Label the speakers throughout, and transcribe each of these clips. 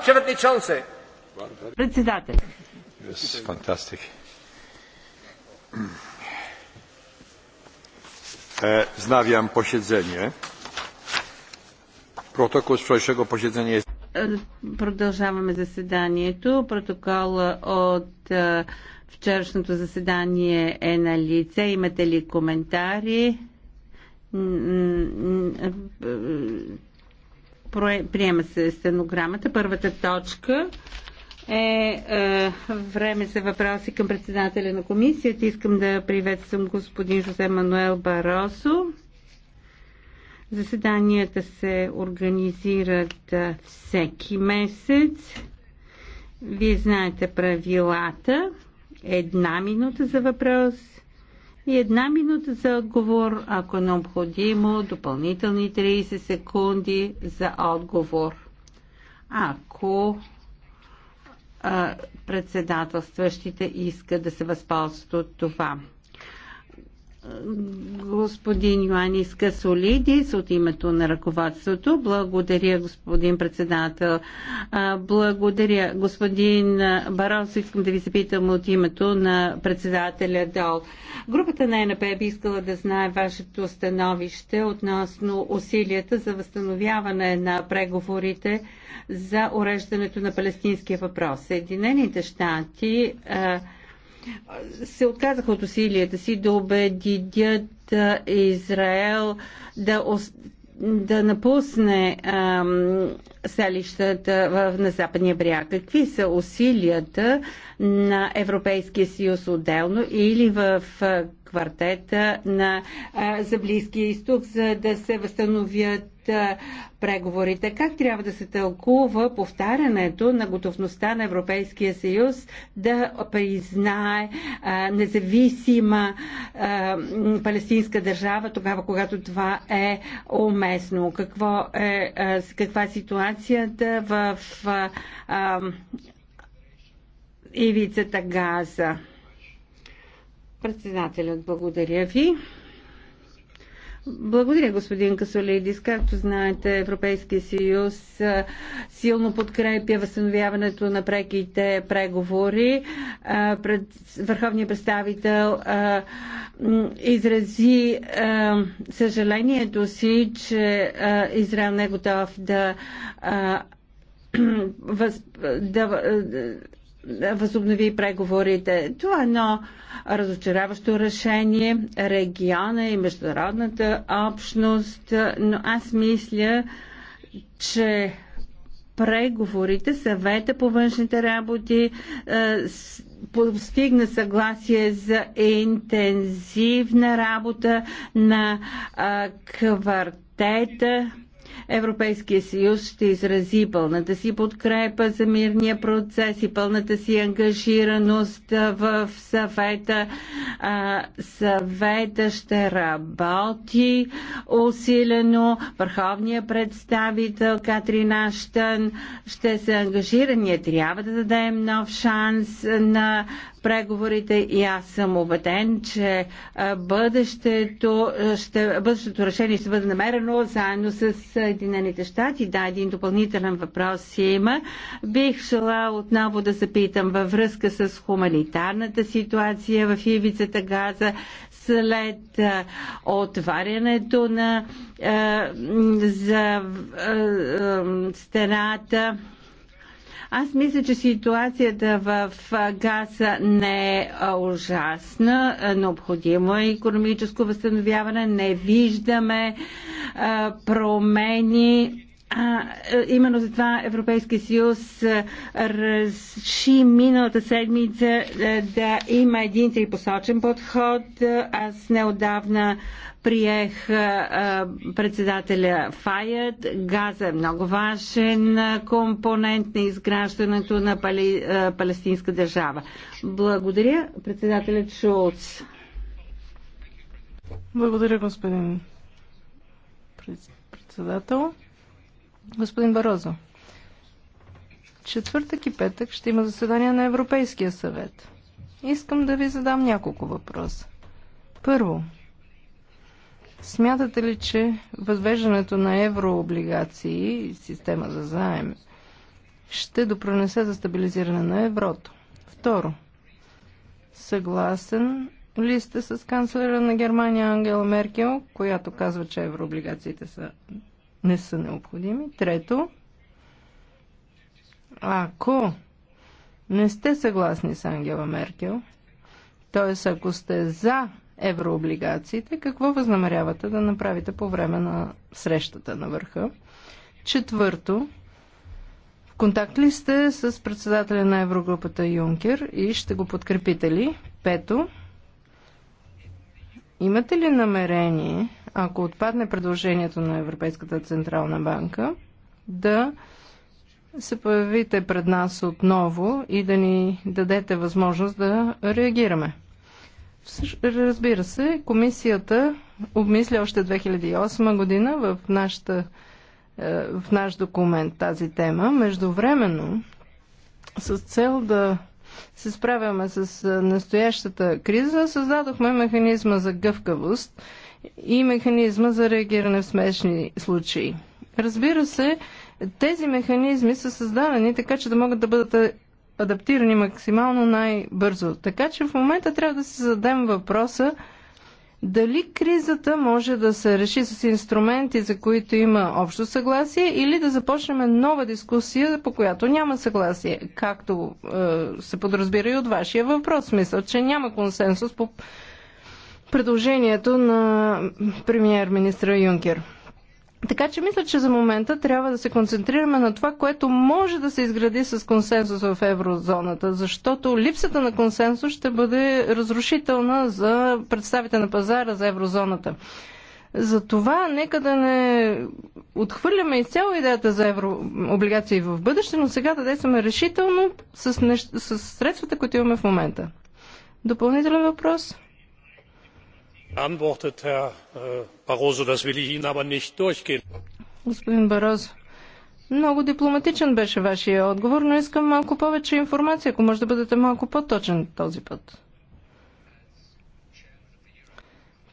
Speaker 1: przewodniczący.
Speaker 2: fantastic. E, posiedzenie.
Speaker 3: E, продължаваме заседанието. Протокол е, от е, вчерашното заседание е на лице. Имате ли коментари? Е, Приема се стенограмата. Първата точка е, е време за въпроси към председателя на комисията. Искам да приветствам господин Жозе Мануел Баросо. Заседанията се организират всеки месец. Вие знаете правилата. Една минута за въпрос и една минута за отговор, ако е необходимо, допълнителни 30 секунди за отговор. Ако председателстващите искат да се възползват от това господин Йоанис Касолидис от името на ръководството. Благодаря, господин председател. Благодаря, господин Барос. Искам да ви запитам от името на председателя Дол. Групата на НП би искала да знае вашето становище относно усилията за възстановяване на преговорите за уреждането на палестинския въпрос. Съединените щати се отказаха от усилията си да убедят Израел да, да напусне ам, селищата в, на Западния бряг. Какви са усилията на Европейския съюз отделно или в квартета на, а, за Близкия изток, за да се възстановят а, преговорите. Как трябва да се тълкува повтарянето на готовността на Европейския съюз да признае а, независима а, палестинска държава тогава, когато това е уместно? Какво е, а, каква е ситуацията в а, а, ивицата Газа? Председателят, благодаря ви. Благодаря, господин Касолидис. Както знаете, Европейския съюз силно подкрепя възстановяването на преките преговори. Пред върховният представител изрази съжалението си, че Израел не е готов да, да възобнови преговорите. Това е едно разочаряващо решение. Региона и международната общност, но аз мисля, че преговорите, съвета по външните работи е, постигна съгласие за интензивна работа на е, квартета Европейския съюз ще изрази пълната си подкрепа за мирния процес и пълната си ангажираност в съвета. Съвета ще работи усилено. Върховният представител Катрин Аштън ще се ангажира. Ние трябва да дадем нов шанс на преговорите и аз съм убеден, че е, бъдещето, е, ще, бъдещето решение ще бъде намерено заедно с Съединените щати. Да, един допълнителен въпрос има. Бих желал отново да запитам във връзка с хуманитарната ситуация в Ивицата Газа, след е, отварянето на за, стената аз мисля, че ситуацията в Газа не е ужасна. Необходимо е економическо възстановяване. Не виждаме промени а, е, именно за това Европейския съюз е, реши миналата седмица е, да има един трипосочен подход. Аз неодавна приех председателя Фаят. Газа е много важен компонент на изграждането на пали, палестинска държава. Благодаря, председателя Шулц. Благодаря, господин председател.
Speaker 4: Господин Барозо, четвъртък и петък ще има заседание на Европейския съвет. Искам да ви задам няколко въпроса. Първо, смятате ли, че възвеждането на еврооблигации и система за заем ще допронесе за стабилизиране на еврото? Второ, съгласен ли сте с канцлера на Германия Ангела Меркел, която казва, че еврооблигациите са не са необходими. Трето, ако не сте съгласни с Ангела Меркел, т.е. ако сте за еврооблигациите, какво възнамерявате да направите по време на срещата на върха? Четвърто, в контакт ли сте с председателя на Еврогрупата Юнкер и ще го подкрепите ли? Пето, Имате ли намерение, ако отпадне предложението на Европейската Централна банка, да се появите пред нас отново и да ни дадете възможност да реагираме? Разбира се, комисията обмисля още 2008 година в, нашата, е, в наш документ тази тема. Междувременно, с цел да се справяме с настоящата криза, създадохме механизма за гъвкавост и механизма за реагиране в смешни случаи. Разбира се, тези механизми са създадени така, че да могат да бъдат адаптирани максимално най-бързо. Така че в момента трябва да се зададем въпроса дали кризата може да се реши с инструменти, за които има общо съгласие, или да започнем нова дискусия, по която няма съгласие, както е, се подразбира и от вашия въпрос. Мисля, че няма консенсус по предложението на премьер-министра Юнкер. Така че мисля, че за момента трябва да се концентрираме на това, което може да се изгради с консенсус в еврозоната, защото липсата на консенсус ще бъде разрушителна за представите на пазара за еврозоната. Затова нека да не отхвърляме изцяло идеята за еврооблигации в бъдеще, но сега да действаме решително с, нещ... с средствата, които имаме в момента. Допълнителен въпрос?
Speaker 5: geantwortet herr äh, barroso das will ich ihnen aber nicht durchgehen.
Speaker 4: господин барозо много дипломатичен беше вашия отговор но искам малко повече информация ако може да бъдете малко по точен този път.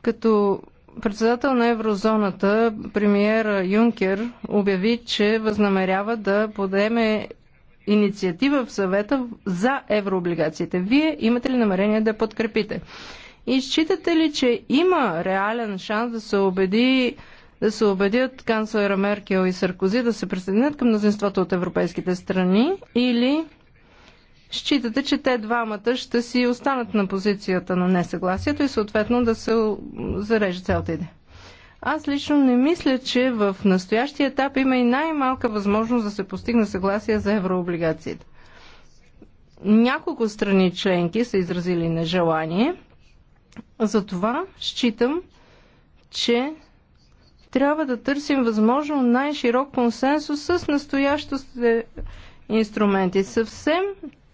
Speaker 4: като председател на еврозоната премиер юнкер обяви че възнамерява да подеме инициатива в съвета за еврооблигациите. вие имате ли намерение да подкрепите? И считате ли, че има реален шанс да се убеди да се убедят канцлера Меркел и Саркози да се присъединят към мнозинството от европейските страни или считате, че те двамата ще си останат на позицията на несъгласието и съответно да се зареже цялата идея? Аз лично не мисля, че в настоящия етап има и най-малка възможност да се постигне съгласие за еврооблигациите. Няколко страни членки са изразили нежелание – затова считам, че трябва да търсим възможно най-широк консенсус с настоящите инструменти. Съвсем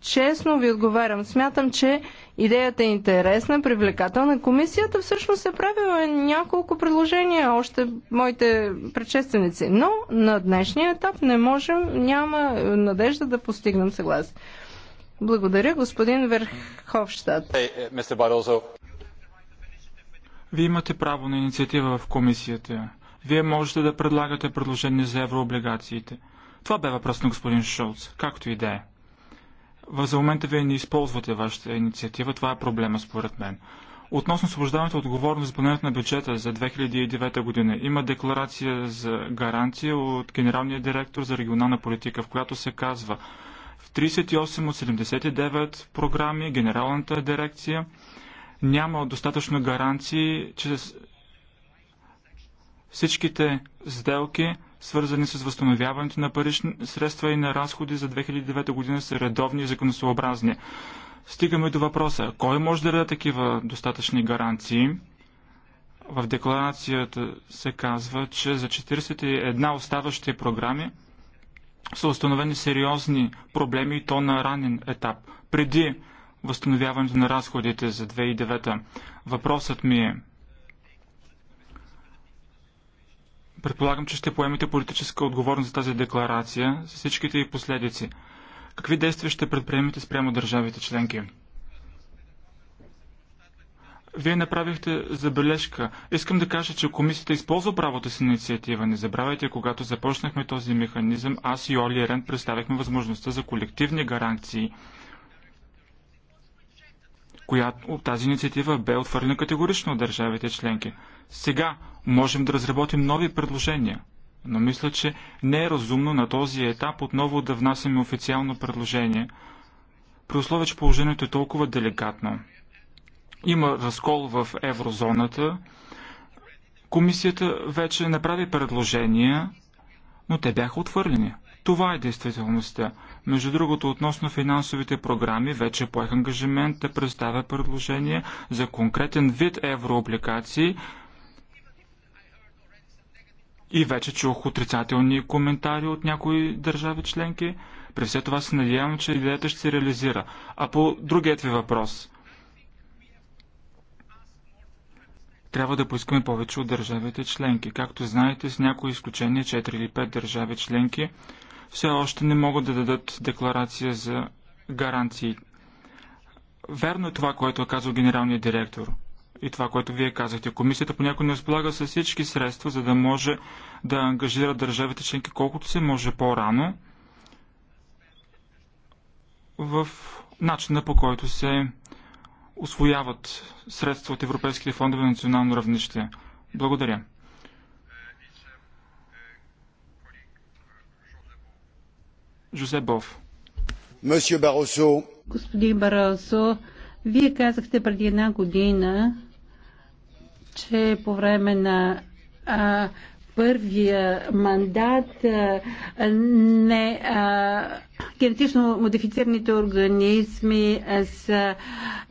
Speaker 4: честно ви отговарям. Смятам, че идеята е интересна, привлекателна. Комисията всъщност е правила няколко предложения, още моите предшественици. Но на днешния етап не можем, няма надежда да постигнем съгласие. Благодаря, господин Верховщад. Hey,
Speaker 6: вие имате право на инициатива в комисията. Вие можете да предлагате предложение за еврооблигациите. Това бе въпрос на господин Шолц, както и да е. За момента вие не използвате вашата инициатива, това е проблема според мен. Относно освобождаването отговорност за планирането на бюджета за 2009 година, има декларация за гаранция от генералния директор за регионална политика, в която се казва в 38 от 79 програми генералната дирекция няма достатъчно гаранции, че всичките сделки, свързани с възстановяването на парични средства и на разходи за 2009 година, са редовни и законосъобразни. Стигаме до въпроса. Кой може да даде такива достатъчни гаранции? В декларацията се казва, че за 41 оставащи програми са установени сериозни проблеми и то на ранен етап, преди възстановяването на разходите за 2009. Въпросът ми е, предполагам, че ще поемете политическа отговорност за тази декларация с всичките и последици. Какви действия ще предприемете спрямо държавите членки? Вие направихте забележка. Искам да кажа, че комисията използва правото си на инициатива. Не забравяйте, когато започнахме този механизъм, аз и Оли Рен представихме възможността за колективни гаранции която тази инициатива бе отвърлена категорично от държавите членки. Сега можем да разработим нови предложения, но мисля, че не е разумно на този етап отново да внасяме официално предложение, при условие, че положението е толкова деликатно. Има разкол в еврозоната. Комисията вече направи предложения, но те бяха отвърлени. Това е действителността. Между другото, относно финансовите програми, вече поех ангажимент да представя предложение за конкретен вид еврообликации и вече чух отрицателни коментари от някои държави членки. При все това се надявам, че идеята ще се реализира. А по другият ви въпрос. Трябва да поискаме повече от държавите членки. Както знаете, с някои изключения 4 или 5 държави членки все още не могат да дадат декларация за гаранции. Верно е това, което е казал генералният директор и това, което вие казахте. Комисията понякога не разполага с всички средства, за да може да ангажира държавите членки колкото се може по-рано в начина по който се освояват средства от европейските фондове на национално равнище. Благодаря.
Speaker 3: Господин Баросо, вие казахте преди една година, че по време на а, първия мандат а, не, а, генетично модифицираните организми а, са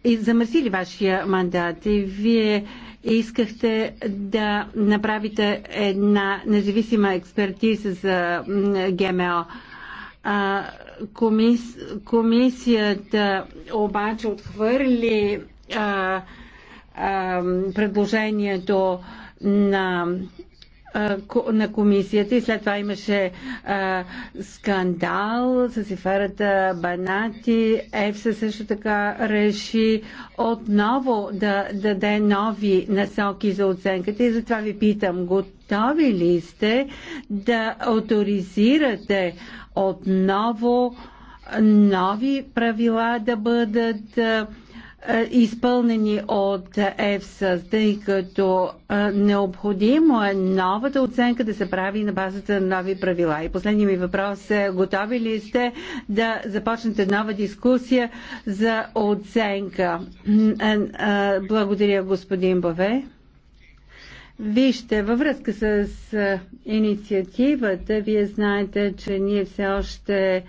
Speaker 3: и замърсили вашия мандат и вие искахте да направите една независима експертиза за ГМО. А, комис, комисията обаче отхвърли а, а, предложението на на комисията и след това имаше а, скандал с аферата Банати. ЕФСА също така реши отново да, да даде нови насоки за оценката и затова ви питам, готови ли сте да авторизирате отново нови правила да бъдат е, изпълнени от ЕФСА, тъй като е, необходимо е новата оценка да се прави на базата на нови правила. И последният ми въпрос е, готови ли сте да започнете нова дискусия за оценка? Е, благодаря, господин Баве. Вижте, във връзка с инициативата, вие знаете, че ние все още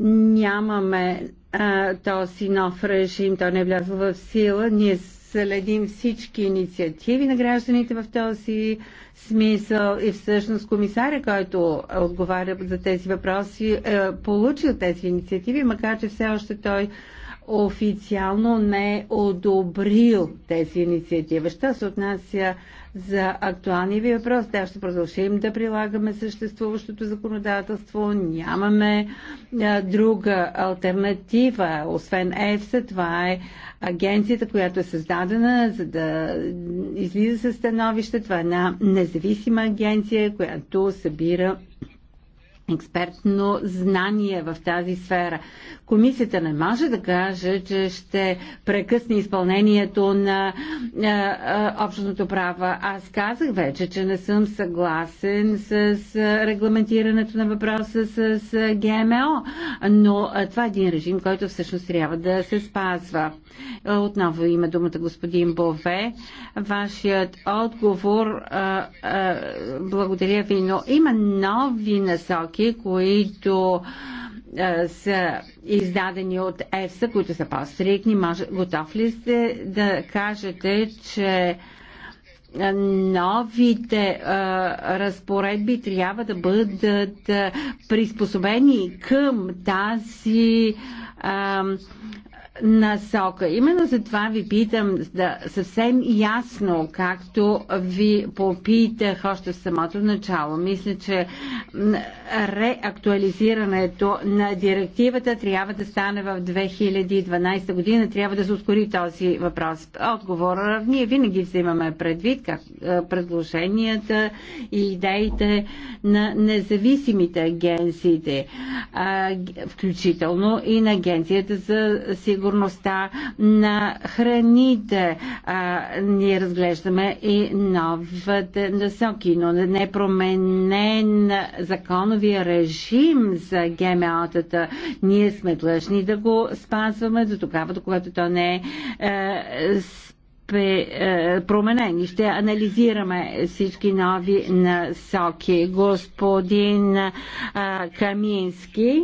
Speaker 3: нямаме а, този нов режим, той не е влязъл в сила. Ние следим всички инициативи на гражданите в този смисъл и всъщност комисаря, който отговаря за тези въпроси, е получил тези инициативи, макар че все още той официално не е одобрил тези инициативи. Що се отнася за актуалния ви въпрос. Да, ще продължим да прилагаме съществуващото законодателство. Нямаме друга альтернатива. Освен ЕФСА, това е агенцията, която е създадена за да излиза със становище. Това е една независима агенция, която събира експертно знание в тази сфера. Комисията не може да каже, че ще прекъсне изпълнението на е, е, общото право. Аз казах вече, че не съм съгласен с регламентирането на въпроса с ГМО, но това е един режим, който всъщност трябва да се спазва. Отново има думата господин Бове. Вашият отговор, е, е, благодаря ви, но има нови насоки стоки, които са издадени от ЕФСА, които са по-стрикни. Готов ли сте да кажете, че новите а, разпоредби трябва да бъдат а, приспособени към тази а, насока. Именно за това ви питам да, съвсем ясно, както ви попитах още в самото начало. Мисля, че реактуализирането на директивата трябва да стане в 2012 година. Трябва да се ускори този въпрос. Отговор. Ние винаги взимаме предвид как е, предложенията и идеите на независимите агенциите, включително и на Агенцията за сигурността на храните. Ние разглеждаме и новите насоки, но не променен законови новия режим за ГМО-тата. Ние сме длъжни да го спазваме до тогава, до когато то не е, е, е променени. Ще анализираме всички нови насоки. Господин е, Камински.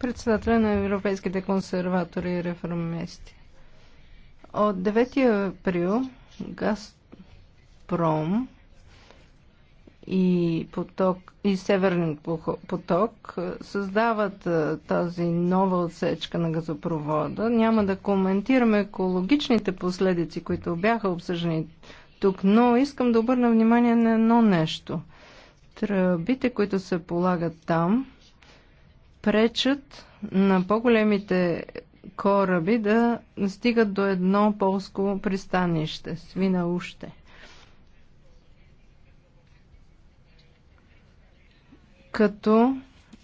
Speaker 4: председател на Европейските консерватори и реформисти. От 9 април Газпром и, поток, и Северен поток създават тази нова отсечка на газопровода. Няма да коментираме екологичните последици, които бяха обсъждани тук, но искам да обърна внимание на едно нещо. Тръбите, които се полагат там, пречат на по-големите кораби да стигат до едно полско пристанище, свина уще. като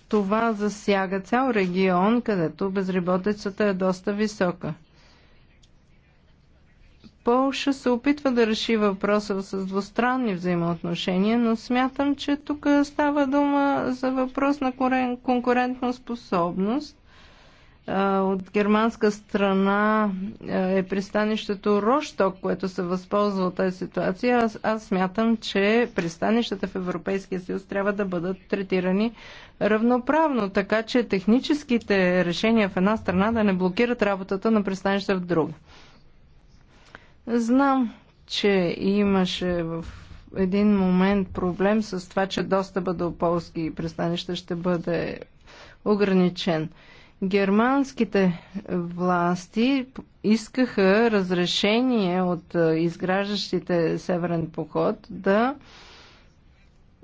Speaker 4: това засяга цял регион, където безработицата е доста висока. Полша се опитва да реши въпроса с двустранни взаимоотношения, но смятам, че тук става дума за въпрос на конкурентна способност от германска страна е пристанището Рошток, което се възползва от тази ситуация. Аз, аз смятам, че пристанищата в Европейския съюз трябва да бъдат третирани равноправно, така че техническите решения в една страна да не блокират работата на пристанища в друга. Знам, че имаше в един момент проблем с това, че достъпа до полски пристанища ще бъде ограничен. Германските власти искаха разрешение от изграждащите Северен поход да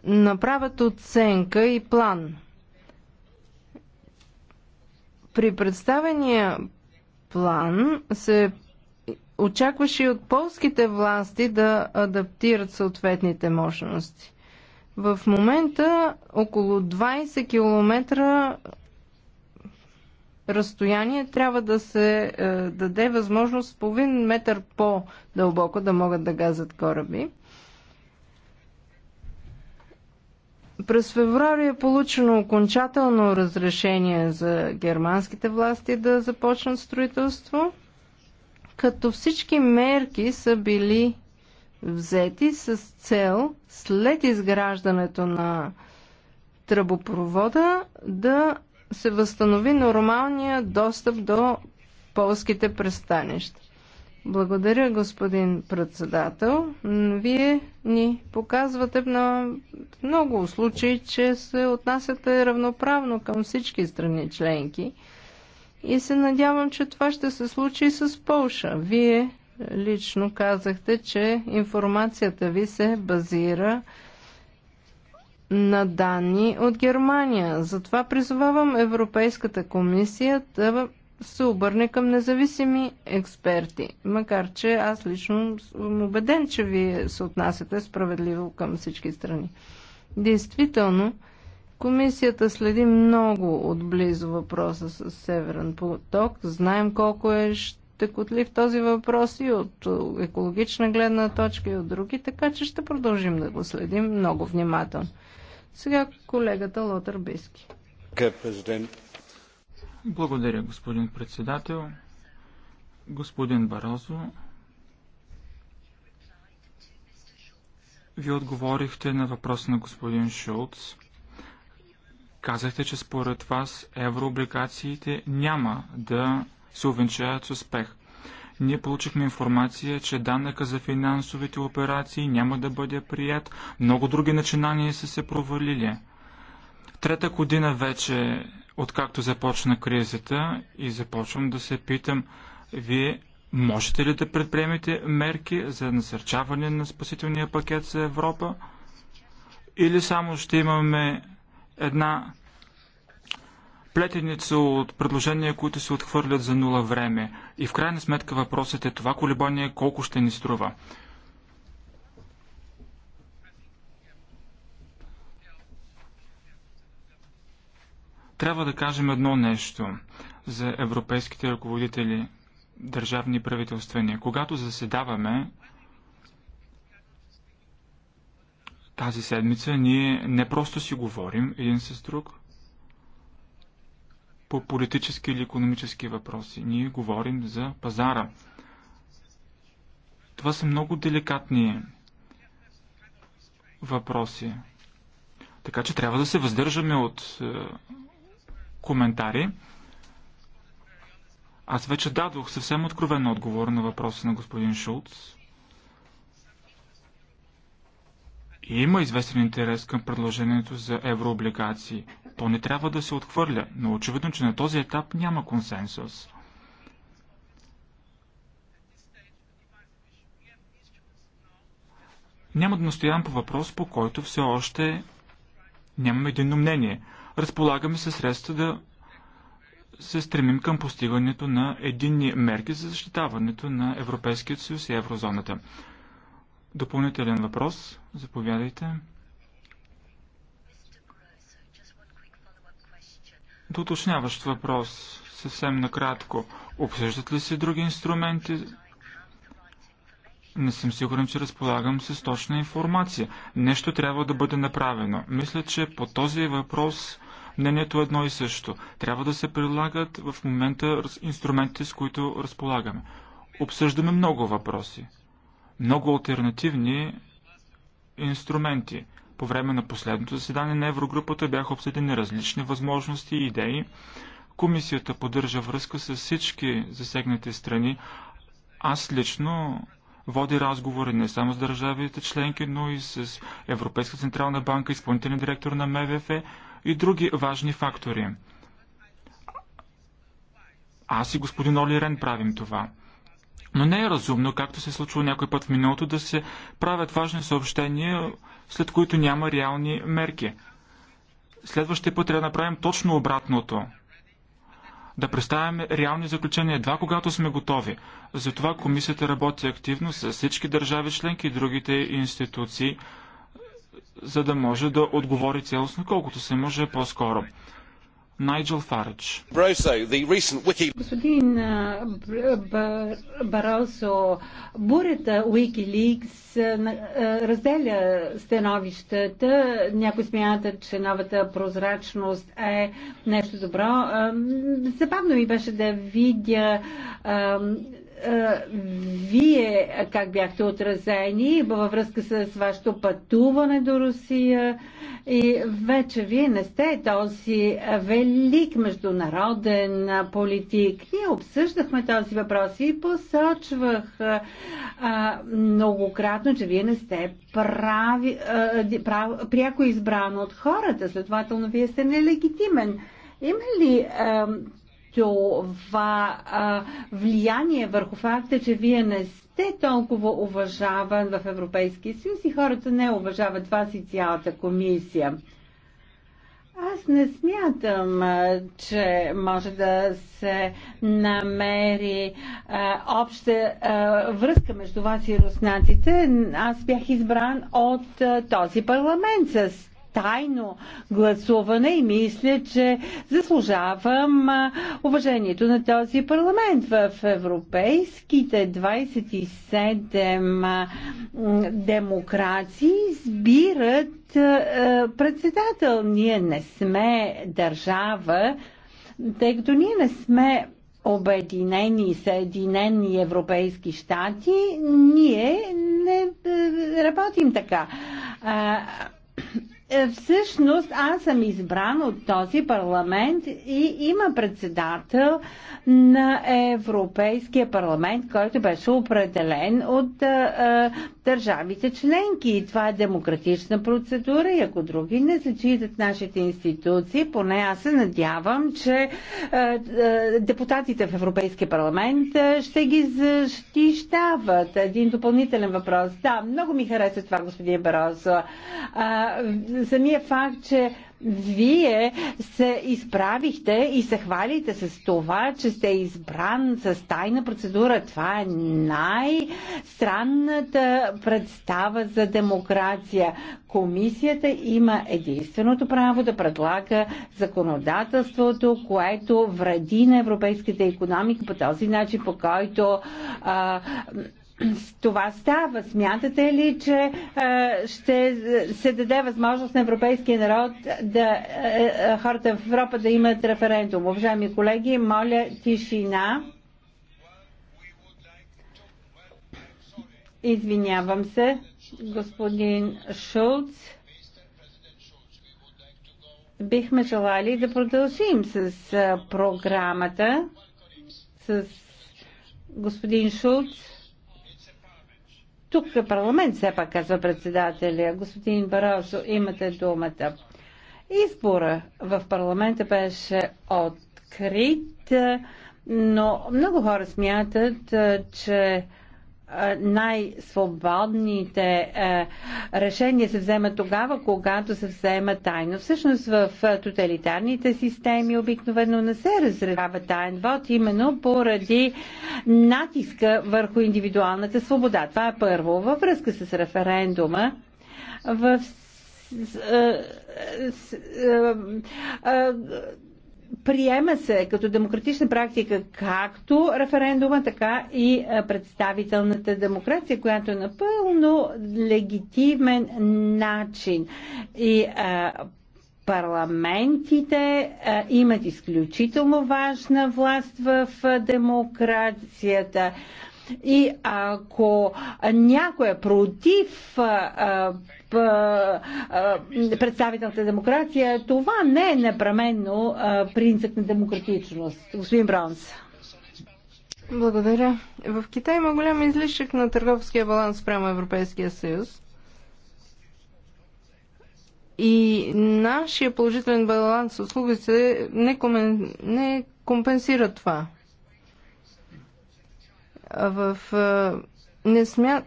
Speaker 4: направят оценка и план. При представения план се очакваше и от полските власти да адаптират съответните мощности. В момента около 20 км разстояние трябва да се е, даде възможност половин метър по-дълбоко да могат да газят кораби. През февруари е получено окончателно разрешение за германските власти да започнат строителство, като всички мерки са били взети с цел след изграждането на тръбопровода да се възстанови нормалния достъп до полските пристанища. Благодаря, господин председател. Вие ни показвате на много случаи, че се отнасяте равноправно към всички страни членки. И се надявам, че това ще се случи и с Полша. Вие лично казахте, че информацията ви се базира на данни от Германия. Затова призовавам Европейската комисия да се обърне към независими експерти. Макар, че аз лично съм убеден, че вие се отнасяте справедливо към всички страни. Действително, комисията следи много отблизо въпроса с Северен поток. Знаем колко е щекотлив този въпрос и от екологична гледна точка и от други, така че ще продължим да го следим много внимателно. Сега колегата Лотър Биски.
Speaker 6: Благодаря, господин председател. Господин Барозо, Вие отговорихте на въпрос на господин Шулц. Казахте, че според вас еврооблигациите няма да се увенчаят с успех. Ние получихме информация, че данъка за финансовите операции няма да бъде прият. Много други начинания са се провалили. Трета година вече, откакто започна кризата и започвам да се питам, вие можете ли да предприемете мерки за насърчаване на спасителния пакет за Европа? Или само ще имаме една плетеница от предложения, които се отхвърлят за нула време. И в крайна сметка въпросът е това колебание колко ще ни струва. Трябва да кажем едно нещо за европейските ръководители, държавни правителствени. Когато заседаваме тази седмица, ние не просто си говорим един с друг – по политически или економически въпроси. Ние говорим за пазара. Това са много деликатни въпроси. Така че трябва да се въздържаме от е, коментари. Аз вече дадох съвсем откровен отговор на въпроса на господин Шулц. И има известен интерес към предложението за еврооблигации. То не трябва да се отхвърля, но очевидно, че на този етап няма консенсус. Няма да настоявам по въпрос, по който все още нямаме единно мнение. Разполагаме се средства да се стремим към постигането на единни мерки за защитаването на Европейския съюз и еврозоната. Допълнителен въпрос. Заповядайте. Доточняващ въпрос, съвсем накратко. Обсъждат ли се други инструменти? Не съм сигурен, че разполагам с точна информация. Нещо трябва да бъде направено. Мисля, че по този въпрос мнението е едно и също. Трябва да се прилагат в момента инструментите, с които разполагаме. Обсъждаме много въпроси много альтернативни инструменти. По време на последното заседание на Еврогрупата бяха обсъдени различни възможности и идеи. Комисията поддържа връзка с всички засегнати страни. Аз лично води разговори не само с държавите членки, но и с Европейска централна банка, изпълнителен директор на МВФ и други важни фактори. Аз и господин Оли Рен правим това. Но не е разумно, както се е случило някой път в миналото, да се правят важни съобщения, след които няма реални мерки. Следващия път трябва да направим точно обратното. Да представяме реални заключения едва когато сме готови. Затова комисията работи активно с всички държави членки и другите институции, за да може да отговори целостно колкото се може по-скоро. Найджел Фаридж.
Speaker 5: Господин
Speaker 3: Баросо, бурята Wikileaks разделя становищата. Някои смятат, че новата прозрачност е нещо добро. Забавно ми беше да видя е, вие как бяхте отразени във връзка с вашето пътуване до Русия и вече вие не сте този велик международен политик. Ние обсъждахме този въпрос и посочвах е, а, многократно, че вие не сте прави, а, е, прав, пряко избран от хората, следователно вие сте нелегитимен. Има ли а, това а, влияние върху факта, че вие не сте толкова уважаван в Европейския съюз и хората не уважават вас и цялата комисия. Аз не смятам, че може да се намери а, обща а, връзка между вас и руснаците. Аз бях избран от а, този парламент с тайно гласуване и мисля, че заслужавам уважението на този парламент. В европейските 27 демокрации избират председател. Ние не сме държава, тъй като ние не сме обединени Съединени Европейски щати, ние не работим така. Е, всъщност аз съм избран от този парламент и има председател на Европейския парламент, който беше определен от а, е, а, е, държавите членки. И това е демократична процедура и ако други не зачитат нашите институции, поне аз се надявам, че а, а, депутатите в Европейския парламент а, ще ги защищават. Един допълнителен въпрос. Да, много ми харесва това, господин Барозо самия факт, че вие се изправихте и се хвалите с това, че сте избран с тайна процедура. Това е най-странната представа за демокрация. Комисията има единственото право да предлага законодателството, което вреди на европейската економика по този начин, по който а, това става. Смятате ли, че ще се даде възможност на европейския народ да хората в Европа да имат референдум? Уважаеми колеги, моля тишина. Извинявам се, господин Шулц. Бихме желали да продължим с програмата с господин Шулц тук е парламент, все пак казва председателя. Господин Баросо, имате думата. Избора в парламента беше открит, но много хора смятат, че е, най-свободните е, решения се вземат тогава, когато се взема тайно. Всъщност в тоталитарните системи обикновено не се разрешава тайн вод, именно поради натиска върху индивидуалната свобода. Това е първо. Във връзка с референдума, в е, приема се като демократична практика както референдума, така и представителната демокрация, която е напълно легитимен начин. И а, парламентите а, имат изключително важна власт в демокрацията. И ако някой е против представителната демокрация, това не е непременно принцип на демократичност. Господин Браунс. Благодаря. В Китай има голям
Speaker 4: излишък на търговския баланс прямо Европейския съюз. И нашия положителен баланс услугите не, комен... не компенсира това. В, не смя...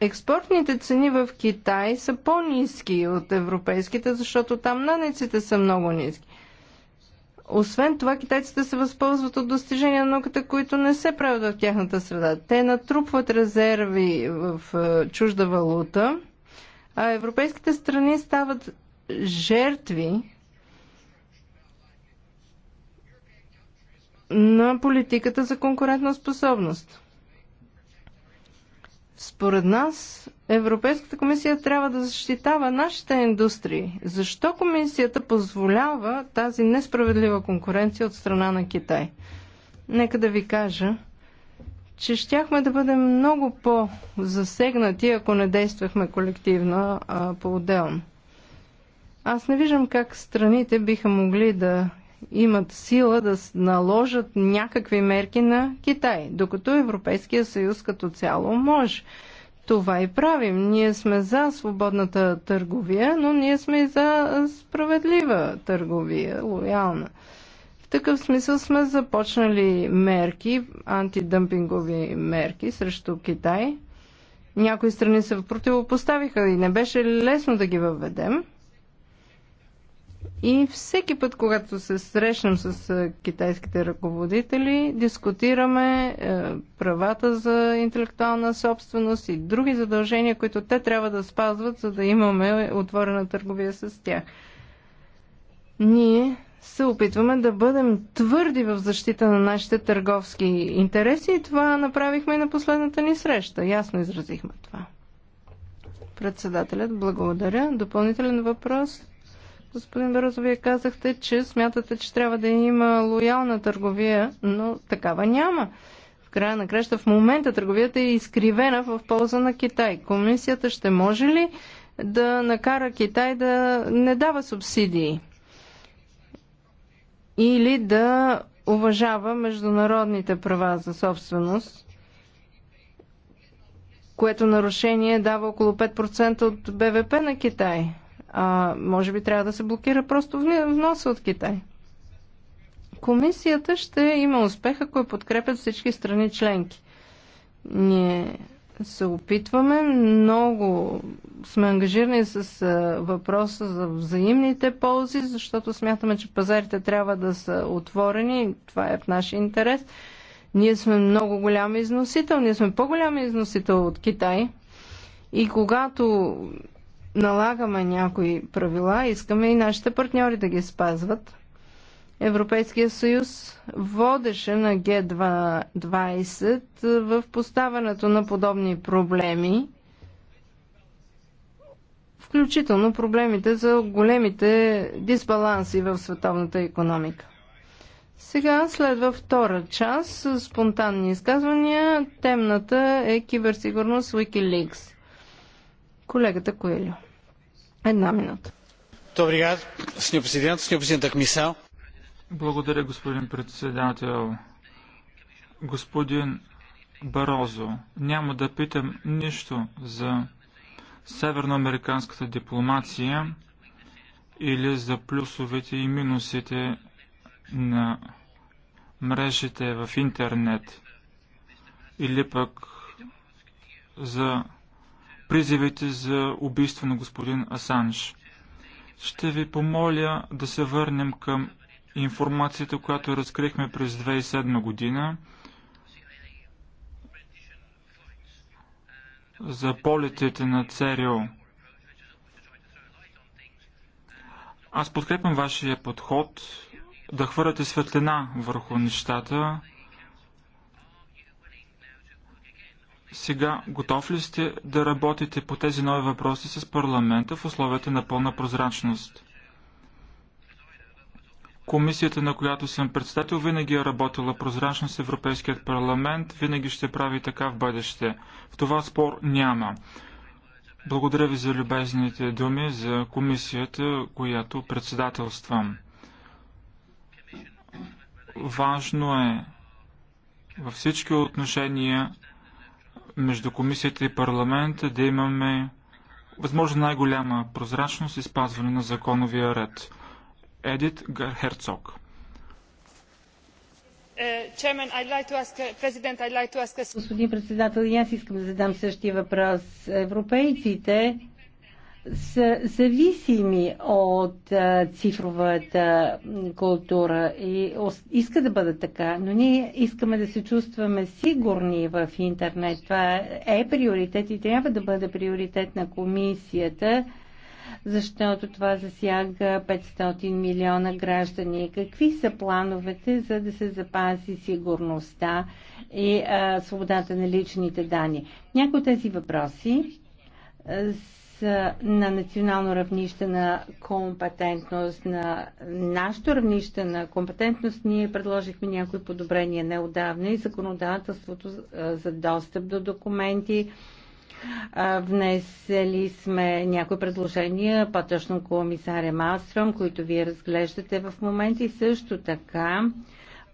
Speaker 4: Експортните цени в Китай са по-низки от европейските, защото там наниците са много ниски. Освен това, китайците се възползват от достижения на науката, които не се правят в тяхната среда. Те натрупват резерви в чужда валута, а европейските страни стават жертви на политиката за конкурентна способност. Според нас, Европейската комисия трябва да защитава нашите индустрии. Защо комисията позволява тази несправедлива конкуренция от страна на Китай? Нека да ви кажа, че щяхме да бъдем много по-засегнати, ако не действахме колективно, а по-отделно. Аз не виждам как страните биха могли да имат сила да наложат някакви мерки на Китай, докато Европейския съюз като цяло може. Това и правим. Ние сме за свободната търговия, но ние сме и за справедлива търговия, лоялна. В такъв смисъл сме започнали мерки, антидъмпингови мерки срещу Китай. Някои страни се противопоставиха и не беше лесно да ги въведем. И всеки път, когато се срещнем с китайските ръководители, дискутираме е, правата за интелектуална собственост и други задължения, които те трябва да спазват, за да имаме отворена търговия с тях. Ние се опитваме да бъдем твърди в защита на нашите търговски интереси и това направихме и на последната ни среща. Ясно изразихме това. Председателят, благодаря. Допълнителен въпрос? Господин Берозо, вие казахте, че смятате, че трябва да има лоялна търговия, но такава няма. В края на краща в момента търговията е изкривена в полза на Китай. Комисията ще може ли да накара Китай да не дава субсидии? Или да уважава международните права за собственост, което нарушение дава около 5% от БВП на Китай? А, може би трябва да се блокира просто вноса от Китай. Комисията ще има успех, ако подкрепят всички страни членки. Ние се опитваме. Много сме ангажирани с въпроса за взаимните ползи, защото смятаме, че пазарите трябва да са отворени. Това е в наш интерес. Ние сме много голям износител. Ние сме по-голям износител от Китай. И когато налагаме някои правила, искаме и нашите партньори да ги спазват. Европейския съюз водеше на Г20 в поставянето на подобни проблеми, включително проблемите за големите дисбаланси в световната економика. Сега следва втора част, спонтанни изказвания. Темната е киберсигурност Wikileaks. Колегата Коелю. Една минута.
Speaker 6: Благодаря, господин председател. Господин Барозо, няма да питам нищо за северноамериканската дипломация или за плюсовете и минусите на мрежите в интернет или пък за призивите за убийство на господин Асанж. Ще ви помоля да се върнем към информацията, която разкрихме през 2007 година за полетите на ЦРО. Аз подкрепям вашия подход да хвърляте светлина върху нещата, Сега готов ли сте да работите по тези нови въпроси с парламента в условията на пълна прозрачност? Комисията, на която съм председател, винаги е работила прозрачно с Европейският парламент, винаги ще прави така в бъдеще. В това спор няма. Благодаря ви за любезните думи за комисията, която председателствам. Важно е във всички отношения между комисията и парламента да имаме възможно най-голяма прозрачност и спазване на законовия ред. Едит Герцог.
Speaker 3: Е,
Speaker 4: uh,
Speaker 3: Господин председател, и аз искам да задам същия въпрос. Европейците са зависими от цифровата култура и иска да бъдат така, но ние искаме да се чувстваме сигурни в интернет. Това е приоритет и трябва да бъде приоритет на комисията защото това засяга 500 милиона граждани. Какви са плановете за да се запази сигурността и а, свободата на личните данни? Някои от тези въпроси на национално равнище на компетентност, на нашето равнище на компетентност, ние предложихме някои подобрения неодавна и законодателството за достъп до документи. Внесели сме някои предложения, по-точно комисаря Малстром, които вие разглеждате в момента и също така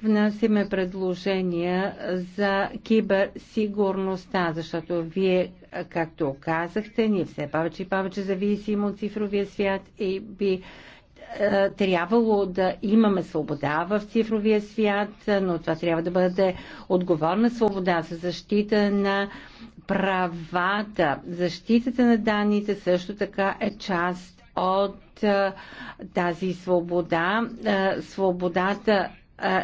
Speaker 3: внасяме предложения за киберсигурността, защото вие както казахте, ние все повече и повече зависим от цифровия свят и би трябвало да имаме свобода в цифровия свят, но това трябва да бъде отговорна свобода за защита на правата. Защитата на данните също така е част от тази свобода. Свободата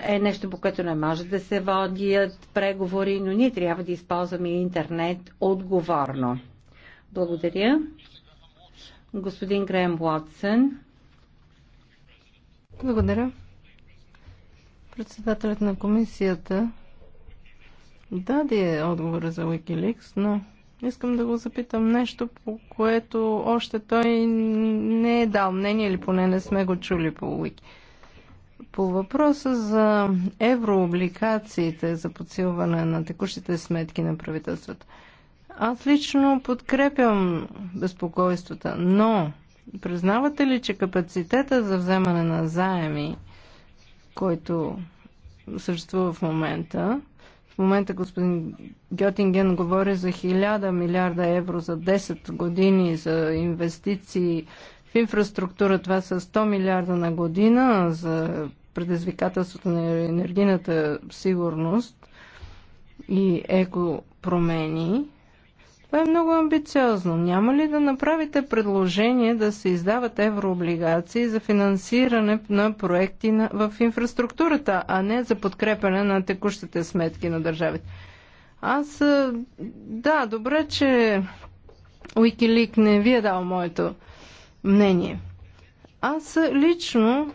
Speaker 3: е нещо, по което не може да се водят преговори, но ние трябва да използваме интернет отговорно. Благодаря. Господин Грем Уотсън.
Speaker 4: Благодаря. Председателят на комисията даде отговора за Wikileaks, но искам да го запитам нещо, по което още той не е дал мнение или поне не сме го чули по Wikileaks. По въпроса за еврообликациите за подсилване на текущите сметки на правителствата. Аз лично подкрепям безпокойствата, но признавате ли, че капацитета за вземане на заеми, който съществува в момента, в момента господин Гьотинген говори за 1000 милиарда евро за 10 години за инвестиции в инфраструктура това са 100 милиарда на година за предизвикателството на енергийната сигурност и екопромени. Това е много амбициозно. Няма ли да направите предложение да се издават еврооблигации за финансиране на проекти на, в инфраструктурата, а не за подкрепане на текущите сметки на държавите? Аз, да, добре, че Wikileaks не ви е дал моето мнение. Аз лично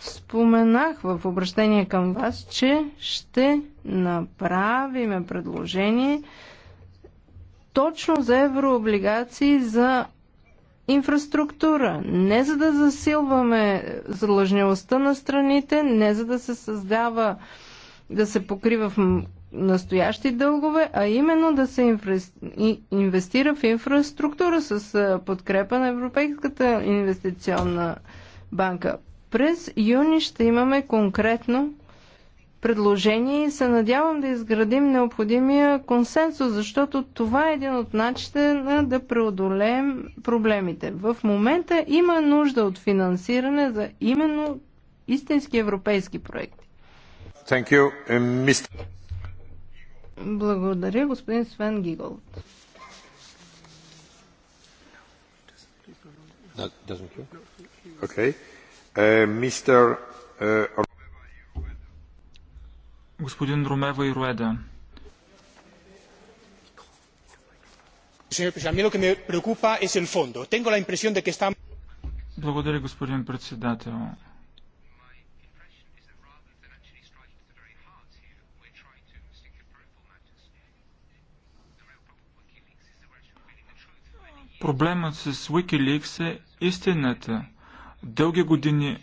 Speaker 4: споменах в обращение към вас, че ще направиме предложение точно за еврооблигации за инфраструктура. Не за да засилваме задлъжнялостта на страните, не за да се създава, да се покрива в настоящи дългове, а именно да се инвестира в инфраструктура с подкрепа на Европейската инвестиционна банка. През юни ще имаме конкретно предложение и се надявам да изградим необходимия консенсус, защото това е един от начините на да преодолеем проблемите. В момента има нужда от финансиране за именно истински европейски проекти.
Speaker 2: Thank you, uh, Mr.
Speaker 4: Благодаря, господин Свен Гигол.
Speaker 2: Okay. Uh, uh,
Speaker 6: господин Ромева и Руеда. Благодаря, господин председател. Проблемът с Wikileaks е истината. Дълги години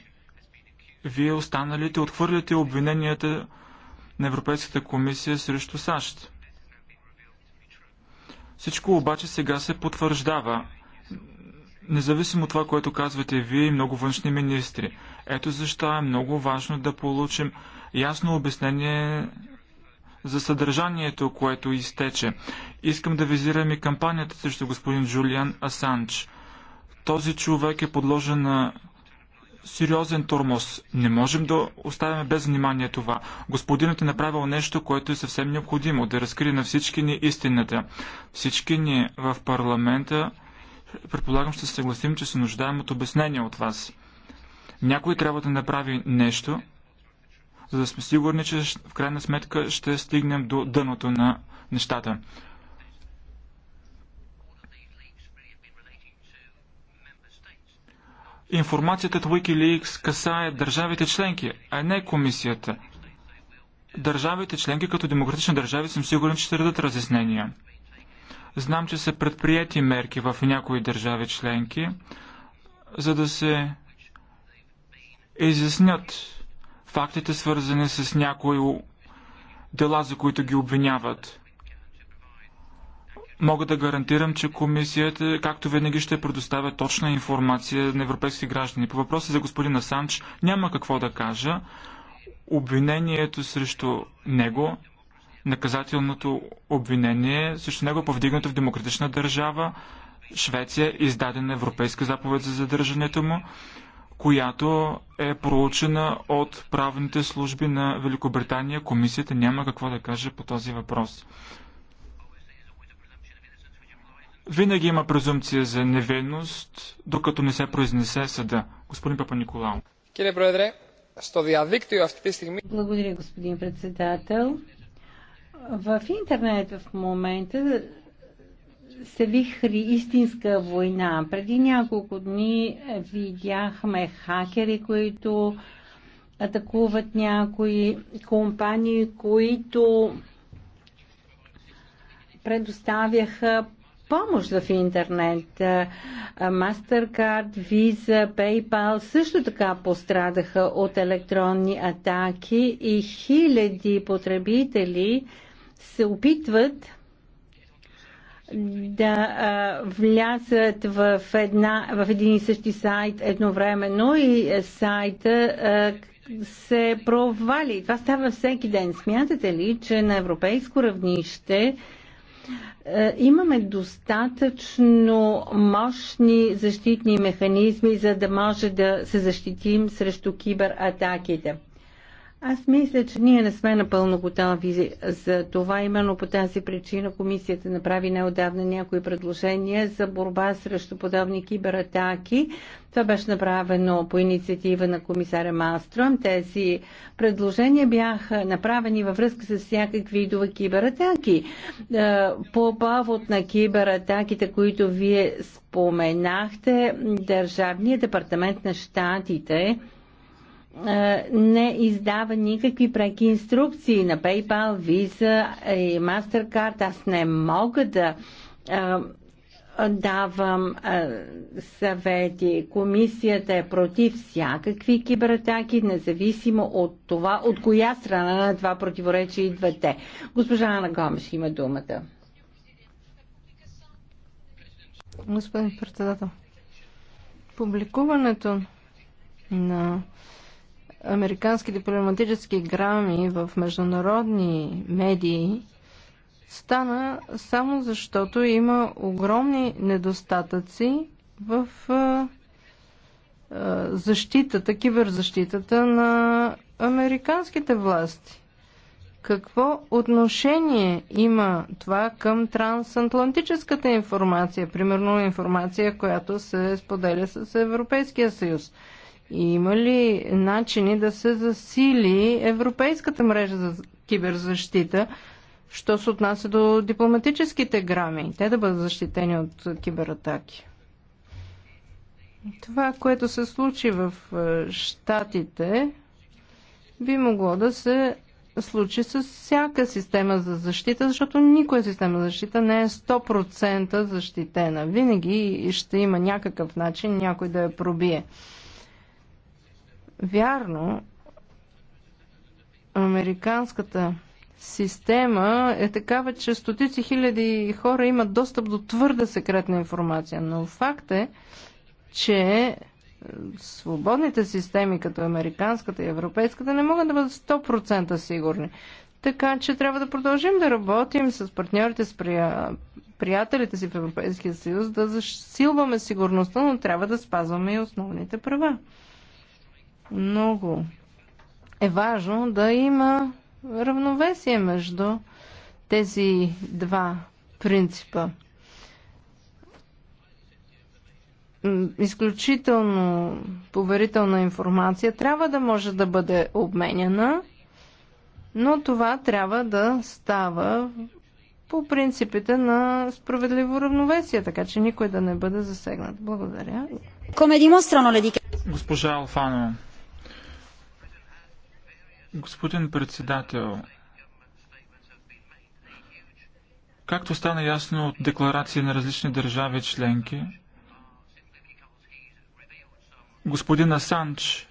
Speaker 6: вие останалите отхвърляте обвиненията на Европейската комисия срещу САЩ. Всичко обаче сега се потвърждава. Независимо от това, което казвате вие и много външни министри. Ето защо е много важно да получим ясно обяснение за съдържанието, което изтече. Искам да визирам и кампанията срещу господин Джулиан Асанч. Този човек е подложен на сериозен тормоз. Не можем да оставяме без внимание това. Господинът е направил нещо, което е съвсем необходимо, да разкрие на всички ни истината. Всички ни в парламента, предполагам, ще се съгласим, че се нуждаем от обяснение от вас. Някой трябва да направи нещо, за да сме сигурни, че в крайна сметка ще стигнем до дъното на нещата. Информацията от Wikileaks касае държавите членки, а не комисията. Държавите членки като демократични държави съм сигурен, че ще дадат разяснения. Знам, че са предприяти мерки в някои държави членки, за да се изяснят фактите, свързани с някои дела, за които ги обвиняват. Мога да гарантирам, че комисията, както винаги, ще предоставя точна информация на европейски граждани. По въпроса за господин Асанч няма какво да кажа. Обвинението срещу него, наказателното обвинение срещу него е повдигнато в демократична държава. Швеция е издадена европейска заповед за задържането му която е проучена от правните служби на Великобритания. Комисията няма какво да каже по този въпрос. Винаги има презумпция за невинност, докато не се произнесе съда. Господин Папа Николао.
Speaker 1: Кире
Speaker 3: Благодаря, господин председател. В интернет в момента се вихри истинска война. Преди няколко дни видяхме хакери, които атакуват някои компании, които предоставяха помощ в интернет. MasterCard, Visa, PayPal също така пострадаха от електронни атаки и хиляди потребители се опитват да влязат в, една, в един и същи сайт едновременно и сайта се провали. Това става всеки ден. Смятате ли, че на европейско равнище имаме достатъчно мощни защитни механизми, за да може да се защитим срещу кибератаките? Аз мисля, че ние не сме напълно готови за това. Именно по тази причина комисията направи неодавна някои предложения за борба срещу подобни кибератаки. Това беше направено по инициатива на комисаря Малстром. Тези предложения бяха направени във връзка с всякакви видове кибератаки. Е, по повод на кибератаките, които вие споменахте, Държавният департамент на щатите е, не издава никакви преки инструкции на PayPal, Visa и MasterCard. Аз не мога да е, давам е, съвети. Комисията е против всякакви кибератаки, независимо от това, от коя страна на това противоречие идвате. Госпожа Ана Гомеш има думата.
Speaker 4: Господин председател, публикуването на американски дипломатически грами в международни медии стана само защото има огромни недостатъци в защитата, киберзащитата на американските власти. Какво отношение има това към трансатлантическата информация, примерно информация, която се споделя с Европейския съюз? Има ли начини да се засили европейската мрежа за киберзащита, що се отнася до дипломатическите грами, те да бъдат защитени от кибератаки? Това, което се случи в е, Штатите, би могло да се случи с всяка система за защита, защото никоя система за защита не е 100% защитена. Винаги ще има някакъв начин някой да я пробие. Вярно, американската система е такава, че стотици хиляди хора имат достъп до твърда секретна информация, но факт е, че свободните системи, като американската и европейската, не могат да бъдат 100% сигурни. Така че трябва да продължим да работим с партньорите, с прия... приятелите си в Европейския съюз, да засилваме сигурността, но трябва да спазваме и основните права много е важно да има равновесие между тези два принципа. Изключително поверителна информация трябва да може да бъде обменяна, но това трябва да става по принципите на справедливо равновесие, така че никой да не бъде засегнат.
Speaker 3: Благодаря.
Speaker 6: Госпожа Алфанова, Господин председател, както стана ясно от декларации на различни държави членки, господин Асанч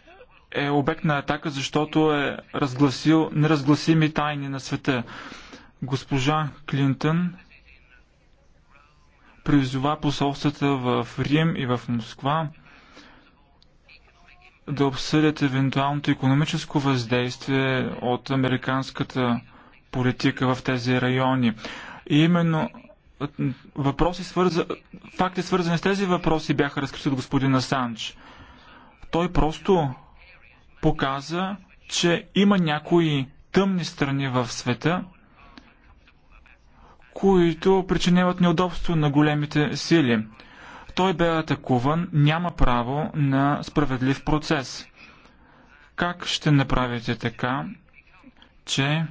Speaker 6: е обект на атака, защото е разгласил неразгласими тайни на света. Госпожа Клинтън призова посолствата в Рим и в Москва да обсъдят евентуалното економическо въздействие от американската политика в тези райони. И именно въпроси свърза... факти свързани с тези въпроси бяха разкрити от господин Асанч. Той просто показа, че има някои тъмни страни в света, които причиняват неудобство на големите сили той бе атакуван, няма право на справедлив процес. Как ще направите така, че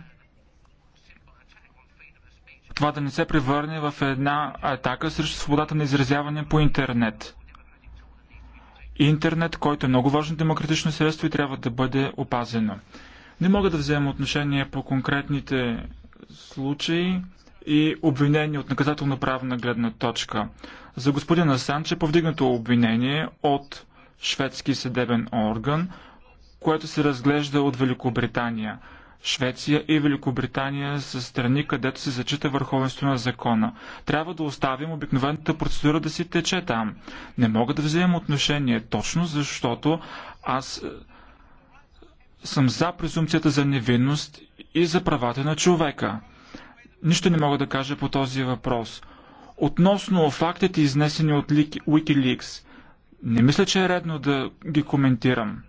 Speaker 6: това да не се превърне в една атака срещу свободата на изразяване по интернет? Интернет, който е много важно демократично средство и трябва да бъде опазено. Не мога да взема отношение по конкретните случаи и обвинения от наказателно-правна гледна точка за господин Асанче повдигнато обвинение от шведски съдебен орган, което се разглежда от Великобритания. Швеция и Великобритания са страни, където се зачита върховенство на закона. Трябва да оставим обикновената процедура да си тече там. Не мога да вземам отношение точно, защото аз е, съм за презумцията за невинност и за правата на човека. Нищо не мога да кажа по този въпрос. Относно фактите, изнесени от Wikileaks, не мисля, че е редно да ги коментирам.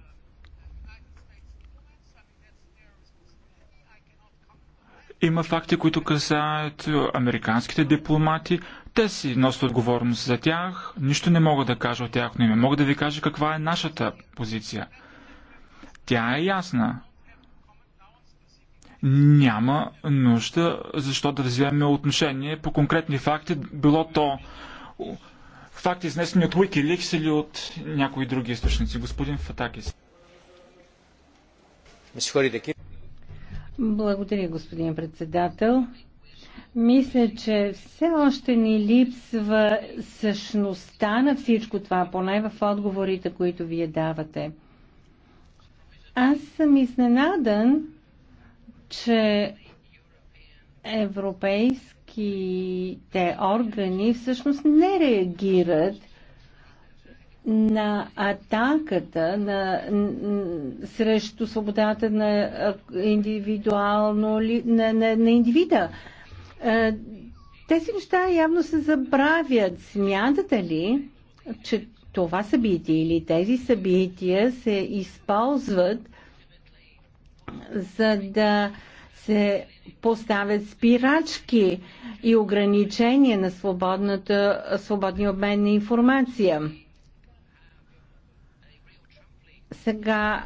Speaker 6: Има факти, които касаят американските дипломати. Те си носят отговорност за тях. Нищо не мога да кажа от тяхно име. Мога да ви кажа каква е нашата позиция. Тя е ясна няма нужда защо да развиваме отношение по конкретни факти, било то факти изнесени от Wikileaks или от някои други източници. Господин Фатакис.
Speaker 3: Благодаря, господин председател. Мисля, че все още ни липсва същността на всичко това, поне в отговорите, които вие давате. Аз съм изненадан, че европейските органи всъщност не реагират на атаката на, срещу свободата на индивидуално ли, на, на, на индивида. Е, тези неща явно се забравят. Смятате ли, че това събитие или тези събития се използват за да се поставят спирачки и ограничения на свободния обмен на информация. Сега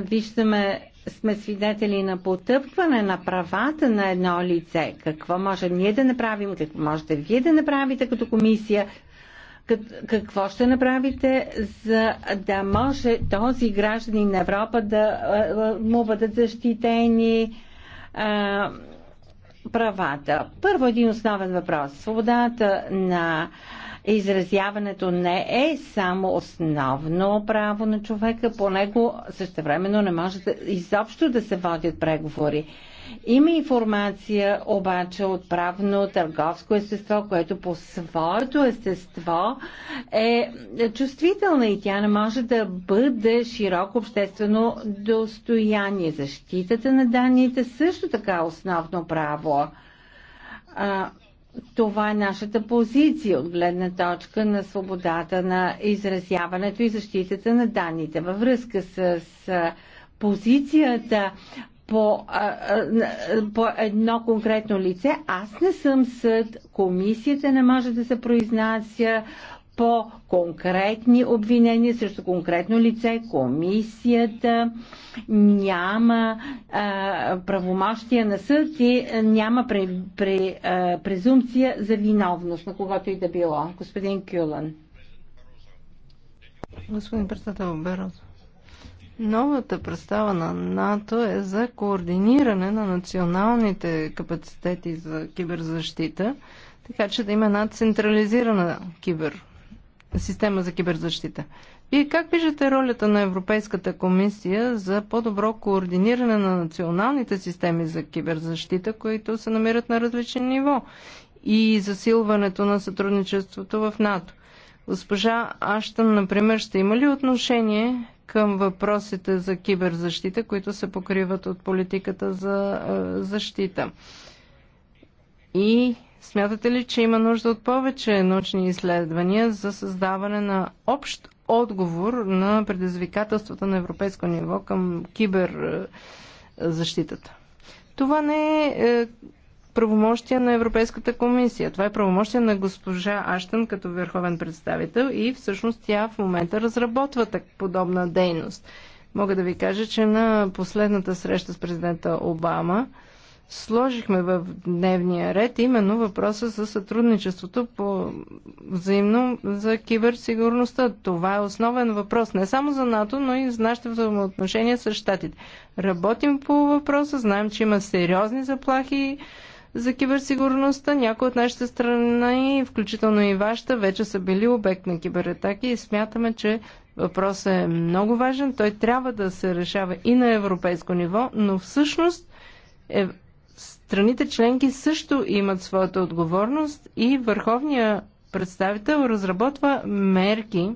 Speaker 3: виждаме, сме свидетели на потъпкване на правата на едно лице. Какво можем ние да направим, какво можете вие да направите като комисия, какво ще направите, за да може този гражданин на Европа да му бъдат защитени а, правата? Първо един основен въпрос. Свободата на изразяването не е само основно право на човека, по него същевременно не може да, изобщо да се водят преговори. Има информация обаче от правно търговско естество, което по своето естество е чувствителна и тя не може да бъде широко обществено достояние. Защитата на данните също така е основно право. А, това е нашата позиция от гледна точка на свободата на изразяването и защитата на данните. Във връзка с позицията по, а, а, по едно конкретно лице. Аз не съм съд, комисията не може да се произнася по конкретни обвинения срещу конкретно лице. Комисията няма а, правомощия на съд и няма при, при, а, презумпция за виновност на когато и да било. Господин Кюлан.
Speaker 4: Господин председател Бероз, Новата представа на НАТО е за координиране на националните капацитети за киберзащита, така че да има една централизирана кибер система за киберзащита. Вие как виждате ролята на Европейската комисия за по-добро координиране на националните системи за киберзащита, които се намират на различен ниво и засилването на сътрудничеството в НАТО? Госпожа Аштън, например, ще има ли отношение към въпросите за киберзащита, които се покриват от политиката за е, защита? И смятате ли, че има нужда от повече научни изследвания за създаване на общ отговор на предизвикателствата на европейско ниво към киберзащитата? Това не е, е правомощия на Европейската комисия. Това е правомощие на госпожа Аштън като върховен представител и всъщност тя в момента разработва так подобна дейност. Мога да ви кажа, че на последната среща с президента Обама сложихме в дневния ред именно въпроса за сътрудничеството по взаимно за киберсигурността. Това е основен въпрос не само за НАТО, но и за нашите взаимоотношения с щатите. Работим по въпроса, знаем, че има сериозни заплахи за киберсигурността. Някои от нашите страни, включително и вашата, вече са били обект на кибератаки и смятаме, че въпросът е много важен. Той трябва да се решава и на европейско ниво, но всъщност е, страните членки също имат своята отговорност и върховния представител разработва мерки